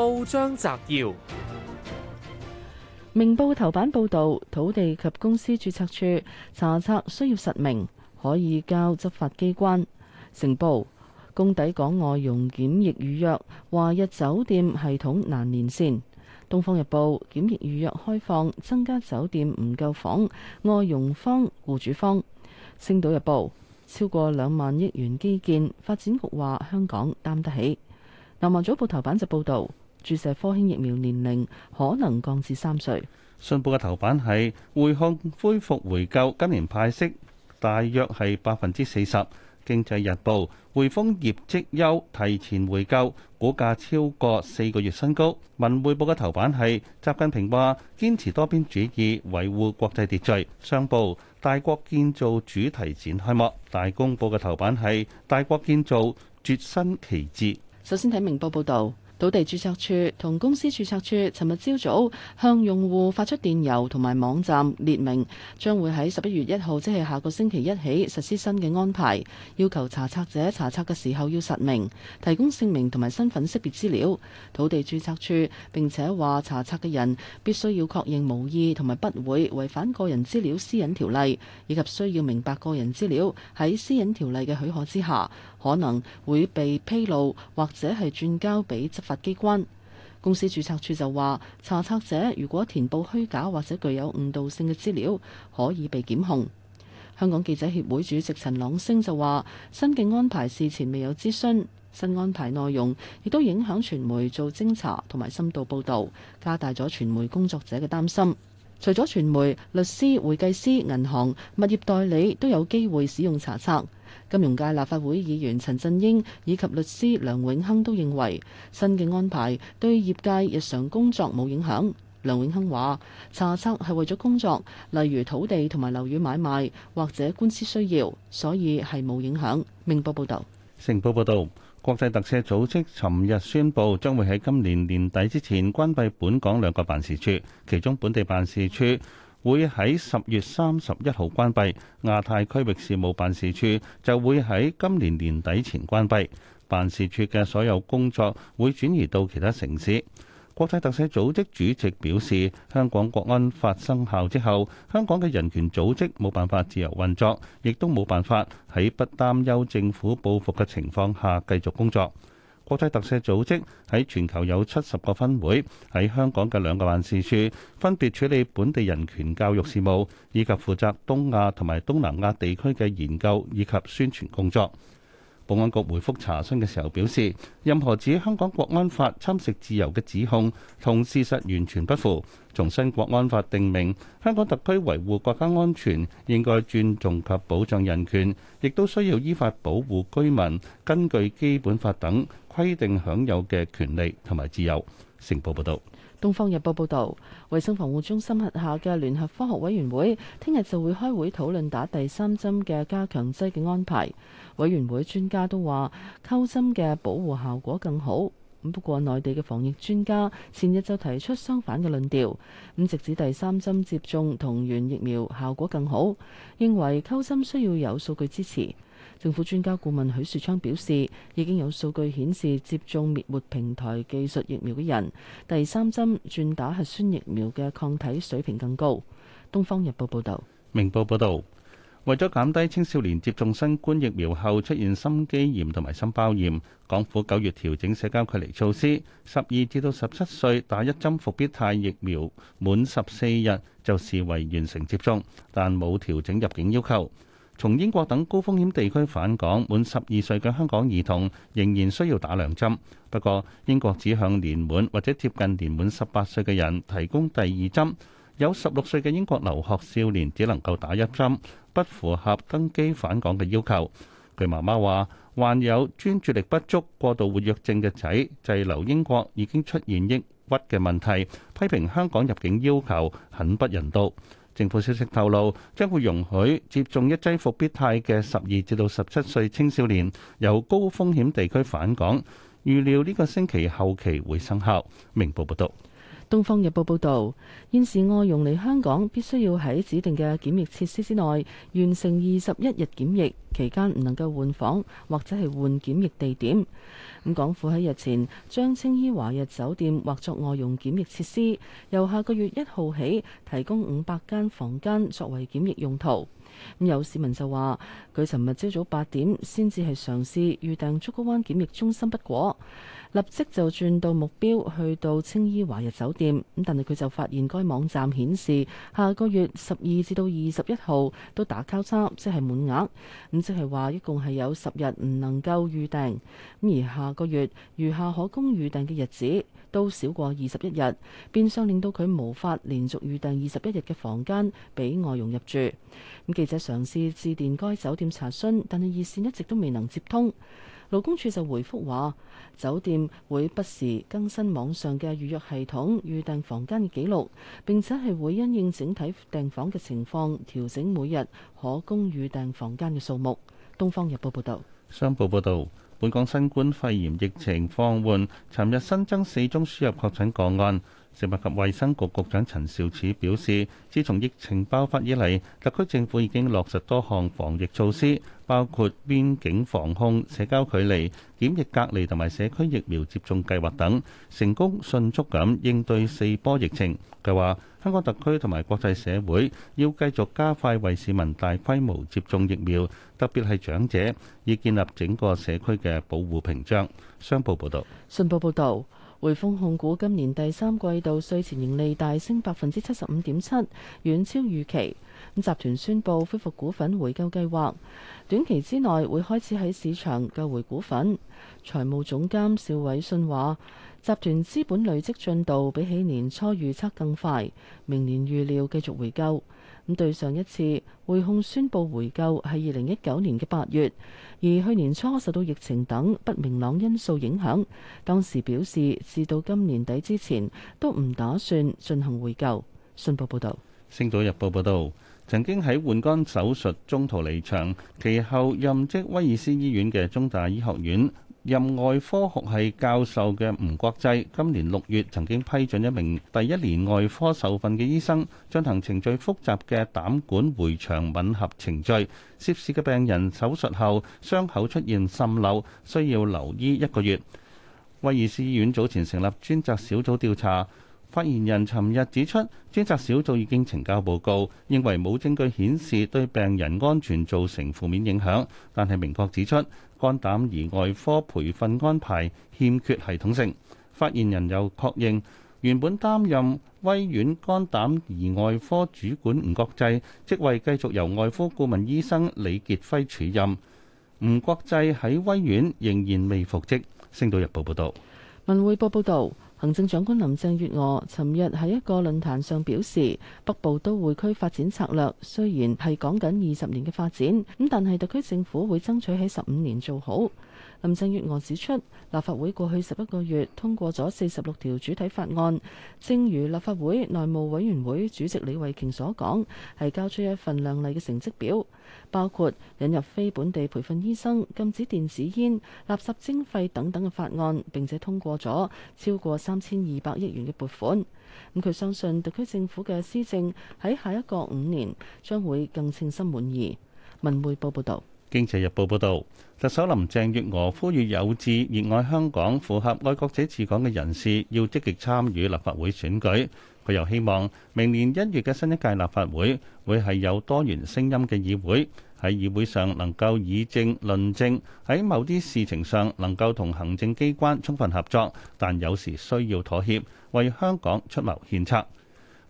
報章摘要：明報頭版報道，土地及公司註冊處查冊需要實名，可以交執法機關。成報，公抵港外傭檢疫預約，華日酒店系統難連線。東方日報檢疫預約開放，增加酒店唔夠房，外傭方、僱主方。星島日報超過兩萬億元基建，發展局話香港擔得起。南華早報頭版就報道。注射科興疫苗年齡可能降至三歲。信報嘅頭版係匯控恢復回購，今年派息大約係百分之四十。經濟日報匯豐業績優，提前回購，股價超過四個月新高。文匯報嘅頭版係習近平話堅持多邊主義，維護國際秩序。商報大國建造主題展開幕。大公報嘅頭版係大國建造絕新奇志。首先睇明報報道。土地註冊處同公司註冊處尋日朝早向用戶發出電郵同埋網站，列明將會喺十一月一號即係下個星期一起實施新嘅安排，要求查冊者查冊嘅時候要實名，提供姓名同埋身份識別資料。土地註冊處並且話查冊嘅人必須要確認無意同埋不會違反個人資料私隱條例，以及需要明白個人資料喺私隱條例嘅許可之下。可能會被披露，或者係轉交俾執法機關。公司註冊處就話，查冊者如果填報虛假或者具有誤導性嘅資料，可以被檢控。香港記者協會主席陳朗昇就話，新嘅安排事前未有諮詢，新安排內容亦都影響傳媒做偵查同埋深度報導，加大咗傳媒工作者嘅擔心。除咗傳媒、律師、會計師、銀行、物業代理都有機會使用查冊。金融界立法會議員陳振英以及律師梁永亨都認為，新嘅安排對業界日常工作冇影響。梁永亨話：查冊係為咗工作，例如土地同埋樓宇買賣或者官司需要，所以係冇影響。明報報道。成報報導。國際特赦組織尋日宣布，將會喺今年年底之前關閉本港兩個辦事處，其中本地辦事處會喺十月三十一號關閉，亞太區域事務辦事處就會喺今年年底前關閉。辦事處嘅所有工作會轉移到其他城市。國際特赦組織主席表示，香港國安法生效之後，香港嘅人權組織冇辦法自由運作，亦都冇辦法喺不擔憂政府報復嘅情況下繼續工作。國際特赦組織喺全球有七十個分會，喺香港嘅兩個辦事處分別處理本地人權教育事務，以及負責東亞同埋東南亞地區嘅研究以及宣傳工作。保安局回覆查詢嘅時候表示，任何指香港國安法侵蝕自由嘅指控，同事實完全不符。重申國安法定明，香港特區維護國家安全應該尊重及保障人權，亦都需要依法保護居民根據基本法等規定享有嘅權利同埋自由。成報報道。《東方日報》報導，衞生防護中心轄下嘅聯合科學委員會，聽日就會開會討論打第三針嘅加強劑嘅安排。委員會專家都話，溝針嘅保護效果更好。咁不過，內地嘅防疫專家前日就提出相反嘅論調，咁直指第三針接種同源疫苗效果更好，認為溝針需要有數據支持。政府專家顧問許樹昌表示，已經有數據顯示，接種滅活平台技術疫苗嘅人，第三針轉打核酸疫苗嘅抗體水平更高。《東方日報》報道，《明報》報道，為咗減低青少年接種新冠疫苗後出現心肌炎同埋心包炎，港府九月調整社交距離措施，十二至到十七歲打一針復必泰疫苗，滿十四日就視為完成接種，但冇調整入境要求。從英國等高風險地區返港，滿十二歲嘅香港兒童仍然需要打兩針。不過，英國只向年滿或者接近年滿十八歲嘅人提供第二針。有十六歲嘅英國留學少年只能夠打一針，不符合登機返港嘅要求。佢媽媽話：患有專注力不足過度活躍症嘅仔，滯留英國已經出現抑鬱嘅問題，批評香港入境要求很不人道。政府消息透露，將會容許接種一劑復必泰嘅十二至到十七歲青少年由高風險地區返港。預料呢個星期後期會生效。明報報道。《東方日報》報導，現時外傭嚟香港必須要喺指定嘅檢疫設施之內完成二十一日檢疫，期間唔能夠換房或者係換檢疫地點。咁港府喺日前將青衣華日酒店劃作外佣檢疫設施，由下個月一號起提供五百間房間作為檢疫用途。咁有市民就話：佢尋日朝早八點先至係嘗試預訂竹篙灣檢疫中心不果，不過立即就轉到目標去到青衣華日酒店。咁但係佢就發現該網站顯示下個月十二至到二十一號都打交叉，即係滿額。咁即係話一共係有十日唔能夠預訂。咁而下個月餘下可供預訂嘅日子，都少過二十一日，變相令到佢無法連續預訂二十一日嘅房間俾外傭入住。咁記者嘗試致電該酒店查詢，但係熱線一直都未能接通。勞工處就回覆話，酒店會不時更新網上嘅預約系統預訂房間嘅記錄，並且係會因應整體訂房嘅情況調整每日可供預訂房間嘅數目。《東方日報》報道。《商報》報道。本港新冠肺炎疫情放緩，尋日新增四宗輸入確診個案。食物及衛生局局長陳肇始表示，自從疫情爆發以嚟，特區政府已經落實多項防疫措施。包括邊境防控、社交距離、檢疫隔離同埋社區疫苗接種計劃等，成功迅速咁應對四波疫情。佢話：香港特區同埋國際社會要繼續加快為市民大規模接種疫苗，特別係長者，以建立整個社區嘅保護屏障。商報報道，信報報道。匯豐控股今年第三季度稅前盈利大升百分之七十五點七，遠超預期。咁集團宣布恢復股份回購計劃，短期之內會開始喺市場購回股份。財務總監邵偉信話，集團資本累積進度比起年初預測更快，明年預料繼續回購。對上一次匯控宣布回購係二零一九年嘅八月，而去年初受到疫情等不明朗因素影響，當時表示至到今年底之前都唔打算進行回購。信報報道，《星島日報》報道，曾經喺換肝手術中途離場，其後任職威爾斯醫院嘅中大醫學院，任外科學系教授嘅吳國際，今年六月曾經批准一名第一年外科受訓嘅醫生進行程序複雜嘅膽管回腸吻合程序。涉事嘅病人手術後傷口出現滲漏，需要留醫一個月。威爾斯醫院早前成立專責小組調查，發言人尋日指出，專責小組已經呈交報告，認為冇證據顯示對病人安全造成負面影響，但係明確指出，肝膽胰外科培訓安排欠缺系統性，發言人又確認，原本擔任威院肝膽胰外科主管吳國際職位繼續由外科顧問醫生李傑輝署任。吳國際喺威院仍然未復職。星島日報報道。文匯報報導。行政長官林鄭月娥尋日喺一個論壇上表示，北部都會區發展策略雖然係講緊二十年嘅發展，咁但係特區政府會爭取喺十五年做好。林鄭月娥指出，立法會過去十一個月通過咗四十六條主體法案，正如立法會內務委員會主席李慧瓊所講，係交出一份亮麗嘅成績表，包括引入非本地培訓醫生、禁止電子煙、垃圾徵費等等嘅法案，並且通過咗超過三千二百億元嘅撥款。咁佢相信特區政府嘅施政喺下一個五年將會更稱心滿意。文匯報報道。《經濟日報》報導，特首林鄭月娥呼籲有志熱愛香港、符合愛國者治港嘅人士要積極參與立法會選舉。佢又希望明年一月嘅新一屆立法會會係有多元聲音嘅議會，喺議會上能夠以政論政，喺某啲事情上能夠同行政機關充分合作，但有時需要妥協，為香港出謀獻策。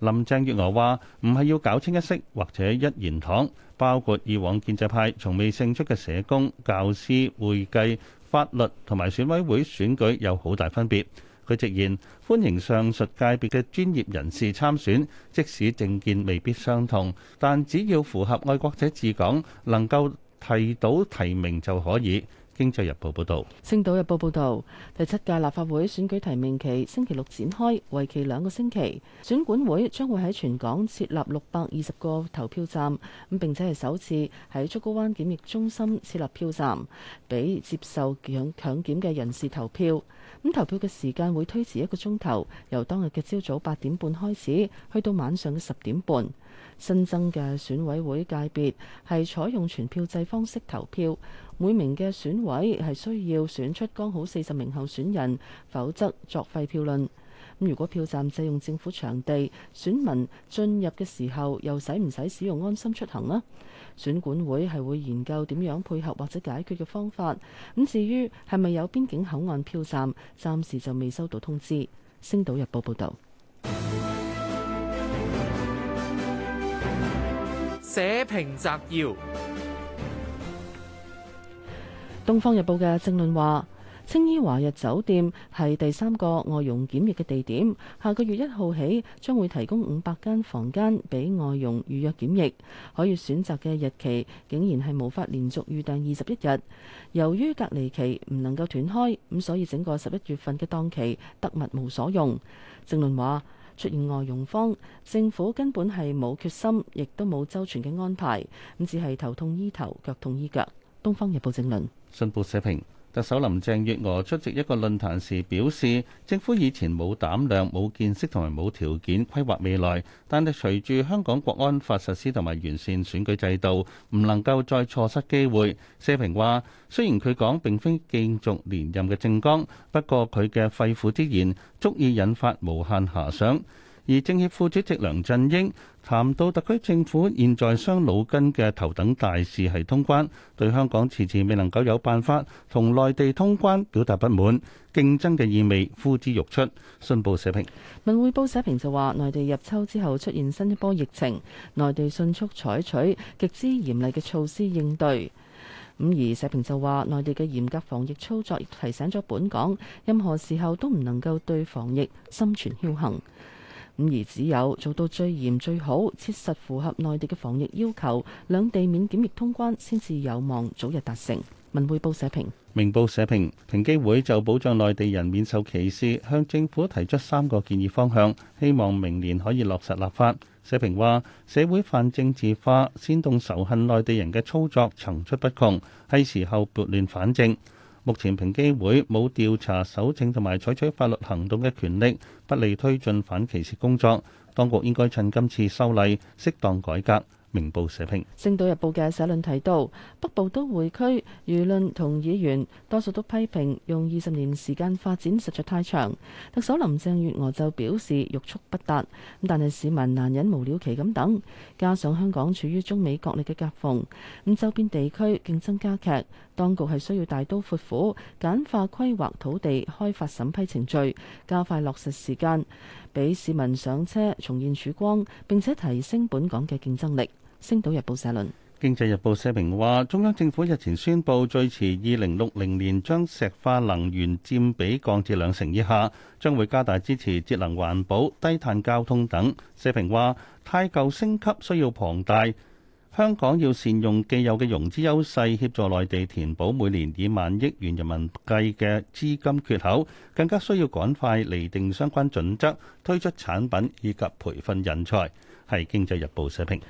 林鄭月娥話：唔係要搞清一色或者一言堂。包括以往建制派從未勝出嘅社工、教師、會計、法律同埋選委會選舉有好大分別，佢直言歡迎上述界別嘅專業人士參選，即使政見未必相同，但只要符合愛國者治港，能夠提到提名就可以。經濟日報報道，星島日報報道，第七屆立法會選舉提名期星期六展開，為期兩個星期。選管會將會喺全港設立六百二十個投票站，咁並且係首次喺竹篙灣檢疫中心設立票站，俾接受強強檢嘅人士投票。咁投票嘅時間會推遲一個鐘頭，由當日嘅朝早八點半開始，去到晚上嘅十點半。新增嘅選委會界別係採用全票制方式投票，每名嘅選委係需要選出剛好四十名候選人，否則作廢票論。咁如果票站借用政府場地，選民進入嘅時候又使唔使使用安心出行呢？選管會係會研究點樣配合或者解決嘅方法。咁至於係咪有邊境口岸票站，暫時就未收到通知。星島日報報道。報章摘要，《東方日報》嘅正論話：青衣華日酒店係第三個外傭檢疫嘅地點，下個月一號起將會提供五百間房間俾外傭預約檢疫，可以選擇嘅日期竟然係無法連續預訂二十一日。由於隔離期唔能夠斷開，咁所以整個十一月份嘅檔期得物無所用。正論話。出現外用方，政府根本係冇決心，亦都冇周全嘅安排，咁只係頭痛醫頭，腳痛醫腳。《東方日報》正論。信報社評。特首林鄭月娥出席一個論壇時表示，政府以前冇膽量、冇見識同埋冇條件規劃未來，但係隨住香港國安法實施同埋完善選舉制度，唔能夠再錯失機會。社評話：雖然佢講並非繼續連任嘅政綱，不過佢嘅肺腑之言足以引發無限遐想。而政協副主席梁振英談到特區政府現在傷腦筋嘅頭等大事係通關，對香港遲遲未能夠有辦法同內地通關，表達不滿，競爭嘅意味呼之欲出。信報社評。文匯報社評就話：內地入秋之後出現新一波疫情，內地迅速採取極之嚴厲嘅措施應對。咁而社評就話：內地嘅嚴格防疫操作亦提醒咗本港，任何時候都唔能夠對防疫心存僥倖。咁而只有做到最嚴最好，切實符合內地嘅防疫要求，兩地免檢疫通關先至有望早日達成。文匯報社評，明報社評，平機會就保障內地人免受歧視，向政府提出三個建議方向，希望明年可以落實立法。社評話：社會泛政治化，煽動仇恨內地人嘅操作層出不窮，係時候撥亂反正。目前平機會冇調查、搜證同埋採取法律行動嘅權力，不利推進反歧視工作。當局應該趁今次修例，適當改革。明報社評，《星島日報》嘅社論提到，北部都會區輿論同議員多數都批評用二十年時間發展實在太長。特首林鄭月娥就表示欲速不達，但係市民難忍無了期咁等。加上香港處於中美國力嘅夾縫，咁周邊地區競爭加劇，當局係需要大刀闊斧簡化規劃土地開發審批程序，加快落實時間，俾市民上車，重現曙光，並且提升本港嘅競爭力。星島日報社論，《經濟日報》社評話，中央政府日前宣布，最遲二零六零年將石化能源佔比降至兩成以下，將會加大支持節能、環保、低碳交通等。社評話，太舊升級需要龐大，香港要善用既有嘅融資優勢，協助內地填補每年以萬億元人民計嘅資金缺口，更加需要趕快釐定相關準則，推出產品以及培訓人才。係《經濟日報》社評。